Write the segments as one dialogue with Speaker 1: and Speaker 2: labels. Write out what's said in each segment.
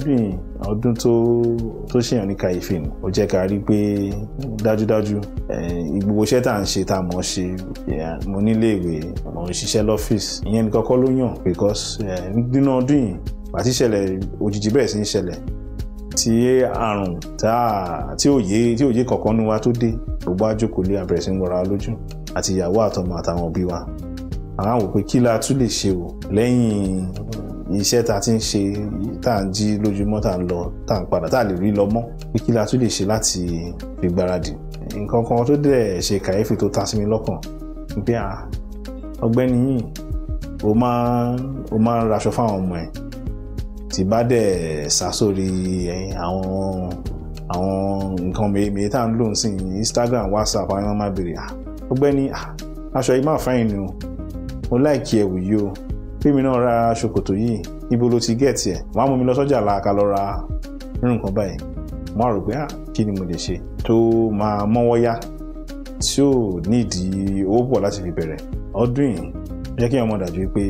Speaker 1: ọdún yìí ọdún tó tó ṣèyàn ní kàyéfì ni ó jẹ́ ká rí pé dájúdájú gbogbo iṣẹ́ tá à ń ṣe tá a mọ̀ ṣe mo níléèwé mo ń ṣiṣẹ́ lọ́fíìsì ìyẹn ní kọ́kọ́ ló yàn because nínú ọdún yìí àti ìṣẹ̀lẹ̀ òjijì bẹ́ẹ̀ sí ń ṣẹlẹ̀ tí àrùn tá tí òye tí òye kọ̀ọ̀kan nu wa tó dé gbogbo àjòkòlé àbẹ̀rẹ̀ sí ń wọra lójú àti ìyàwó àtọmọ àtàwọn òbí wa àwọn àwọn pé kí la tún lè ṣe o lẹ́yìn iṣẹ́ tá a ti ń ṣe tá à ń jí lójúmọ́ tá à ń lọ tá à ń padà tá à lè rí lọ mọ́ pé kí la tún lè ṣe láti fi gbáradì nǹkan kan tó dẹ̀ ṣe kàyéfì tó ta sí mi lọ́kàn pé à ọgbẹ́ni yìí o máa o máa ń raṣọ fáwọn ọmọ ẹ̀ tí bá dẹ̀ sá sórí àwọn àwọn nǹkan mèémèé tá à ń lò ń sìn Instagram WhatsApp àwọn ọmọ máa bèrè ọgbẹ́ni aṣọ yìí máa fáyìn ni o mo láìkí ẹ̀wù yìí o pémi náà ra ṣòkòtò yìí ibo ló ti gẹ̀ẹ́tì ẹ̀ wọ́n á mú mi lọ sọ́jà làákà lọ ra irú nǹkan báyìí wọ́n á rò pé ah, kí ni mo lè ṣe tó máa mọ́wọ́ yá tí ò nídìí owó pọ̀ láti fi bẹ̀rẹ̀ ọdún yìí jẹ́ kí ọmọ dàjú pé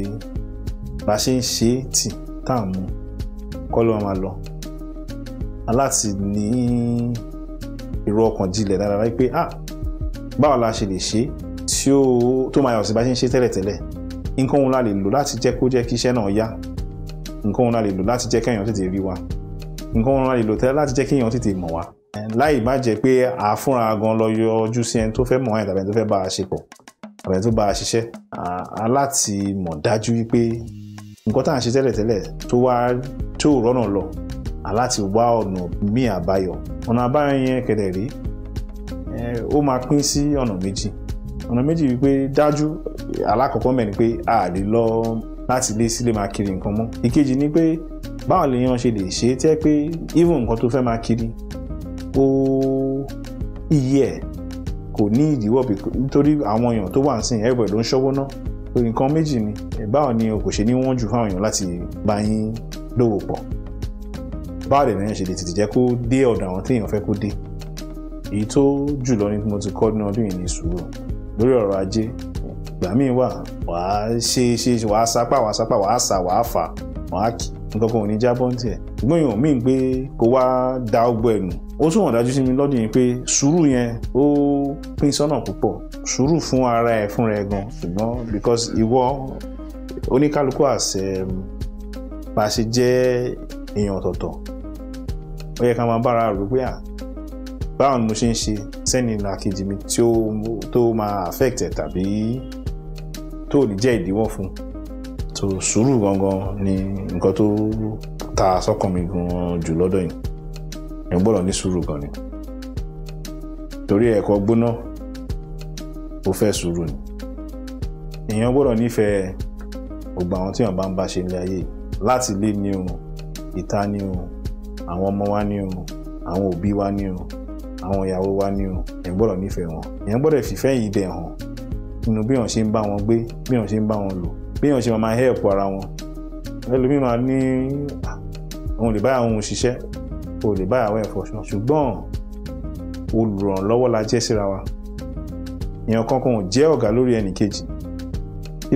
Speaker 1: bá a ṣe ń ṣe tì tá à ń mu kọ́ ló máa lọ aláti ní èrò ọkàn jinlẹ̀ dáadáa pé ah báwo la ṣe lè ṣe tí ó tó máa yọ̀ sí bá a ṣe ń ṣe tẹ́lẹ̀tẹ́lẹ̀ nǹkan òun la lè lò láti jẹ́ kó jẹ́ kí iṣẹ́ náà yá nǹkan òun la lè lò láti jẹ́ kéèyàn tètè rí wa nǹkan òun la lè lò láti jẹ́ kéèyàn tètè mọ̀ wa láì má jẹ́ pé a fúnra gan lọ yọjú sí ẹni tó fẹ́ mọ̀ ẹ́ tàbí ẹni tó fẹ́ bá a ṣe pọ̀ tàbí ẹni tó bá a ṣiṣẹ́ aláti mọ̀ dájú wípé nǹkan tá à ń ṣe tẹ́lẹ̀tẹ́lẹ̀ tó wá tó rọ́nà lọ aláti wá ọ̀nà míì àbáyọ ọ̀nà àbáyọ yẹn kẹ̀dẹ̀ rí ó máa pín sí ọ̀nà méjì ọ̀nà méjì wípé dájú alákọ̀ọ́kọ́ mẹ́rin pé a lè lọ láti ilé sílé máa kiri nǹkan mọ́ ìkejì ni pé báwo lèèyàn ṣe lè ṣe é tẹ́ pé even nǹkan tó fẹ́ máa kiri ó iye ẹ̀ kò ní ìdíwọ́ nítorí àwọn èèyàn tó wà ń sìn everybody ló ń ṣọ́wọ́ ná nǹkan méjì ni báwo ni o kò ṣe ní wọ́n jù fáwọn èèyàn láti bá yín lówó pọ̀ báwo lè lèèyàn ṣe lè tètè jẹ́ kó dé ọ̀dọ̀ àwọn téèyàn fẹ́ kó dé èyí tó jùlọ ni mo ti kọ́ ní ọdún yìí ní sùúrù lórí ọ̀rọ̀ ajé ìgbà míì wà wàá ṣe ṣe wàá sapá wàá sapá wàá sà wàá fà wàá kì nǹkan kan ò ní jábọ́ ní tiẹ̀ ṣùgbọ́n èèyàn míì pé kó wá da ọgbọ́ ẹ̀nù ó tún wọ̀n dájú sí mi lọ́dún yìí pé sùúrù yẹn ó pín sọ́nà púpọ̀ sùúrù fún ara ẹ̀ fúnra ẹ̀ gan ṣùgbọ́n because ìwọ oníkálukú àṣẹ mm, bá a ṣe jẹ́ èèyàn ọ̀tọ̀ọ̀tọ̀ ó yẹ ká máa bára rò pé à báwo ni mo ṣe ń ṣe sẹ́ni làkejì mi tí ó máa affect ẹ̀ tàbí tó ò ní jẹ́ ìdíwọ́ fún so sùúrù gangan ni nǹkan tó ta sọ́kàn mi gan jù lọ́dọ̀ yìí ẹ̀ ń gbọ́dọ̀ ní sùúrù gan ni torí ẹ̀kọ́ gbóná ó fẹ́ sùúrù ni èèyàn gbọ́dọ̀ nífẹ̀ẹ́ gbogbo àwọn tí èèyàn bá ń bá ṣe ní ayé láti lé ní o ìta ní o àwọn ọmọ wa ní o àwọn òbí wa ní o àwọn ìyàwó wa ní o èèyàn gbọ́dọ̀ nífẹ̀ẹ́ wọn èèyàn gbọ́dọ̀ fìfẹ́ yìí dẹ̀ hàn nínú bí èèyàn ṣe ń bá wọn gbé bí èèyàn ṣe ń bá wọn lò bí èèyàn ṣe máa help ara wọn ẹlòmíì máa ní àwọn ò lè báyà òun ṣiṣẹ́ ò lè báyà àwọn ẹ̀fọ́ ṣùgbọ́n olùrànlọ́wọ́ la jẹ́ síra wa èèyàn kankan ò jẹ́ ọ̀gá lórí ẹnì kejì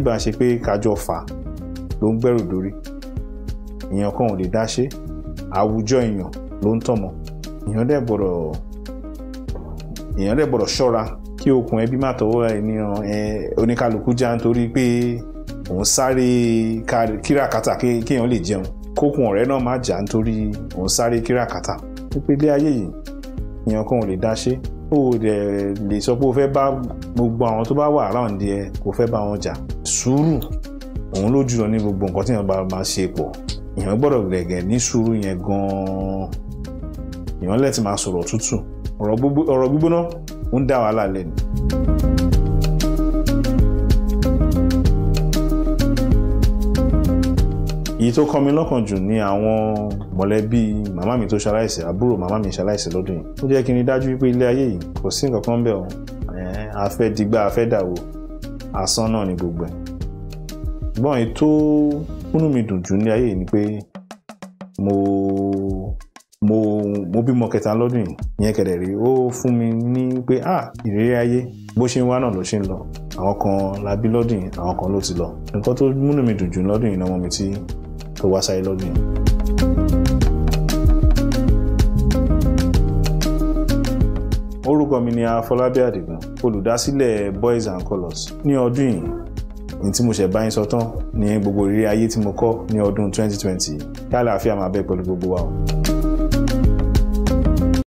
Speaker 1: bí a ṣe pé kájọ fà ló ń gbẹ́rù dórí èèyàn kan ò lè dá ṣe àwùjọ èèyàn ló ń tọ̀mọ̀ èèyàn dẹ̀ gbọ́dọ̀ èèyàn dẹ̀ gbọ́dọ̀ ṣọ́ra kí okùn ẹbí má tọwọ́ ẹni hàn oníkálukú já nítorí pé òun sáré kíràkátà kéèyàn lè jẹun kókun ọ̀rẹ́ náà má jà nítorí òun sáré kíràkátà pípé ilé ayé yìí èèyàn kan ò lè dá ṣe ó rẹ̀ lè sọ pé ó fẹ́ bá gbogbo àwọn tó bá wà around ẹ kò fẹ́ bá wọn jà sùúrù òun ló jùlọ ní gbogbo nǹkan tí èèyàn bá máa ṣe pọ̀ èèyàn gbọ́dọ̀ gbẹ̀gẹ̀ ní sùúrù yẹn gan-an èèyàn lẹ́tì máa sọ̀rọ̀ tútù ọ̀rọ̀ gbígbóná ń dá wàhálà lẹ́nu. èyí tó kọ́ mi lọ́kàn jù ni àwọn mọ̀lẹ́bí màmá mi tó ṣaláìsí àbúrò màmá mi ṣaláìsí lọ́dún yìí ó jẹ́ kí n rí dájú wípé ilé ayé yìí kò sí nǹkan kan bẹ́ẹ̀ o afẹ́ digbá afẹ́ dàwó asán náà ni gbogbo ẹ̀ ṣùgbọ́n èyí tó múnú mi dùn jù ní ayé yìí ni pé mo mo mo bímọ kẹta lọ́dún yìí ìyẹn kẹ̀dẹ̀ rí ó fún mi ní pé ah ìrírí ayé bó ṣe ń wá náà ló ṣe ń lọ àwọn kan la bí lọ́dún yìí àwọn kan ló ti lọ nǹkan tó múnú mi dùn jù lọ́dún yìí lọ́mọ mi tí tó wá sáyé lọ́dún yìí. orúkọ mi ni Afọlábí Àdìgún olùdásílẹ̀ Boys and Colours ní ọdún yìí ní tí mo ṣẹ̀ bá yín sọ tán ní gbogbo ìrírí ayé tí mo kọ́ ní ọdún 2020 kí àlàáfíà máa bẹ pẹ̀lú gbogbo wa o.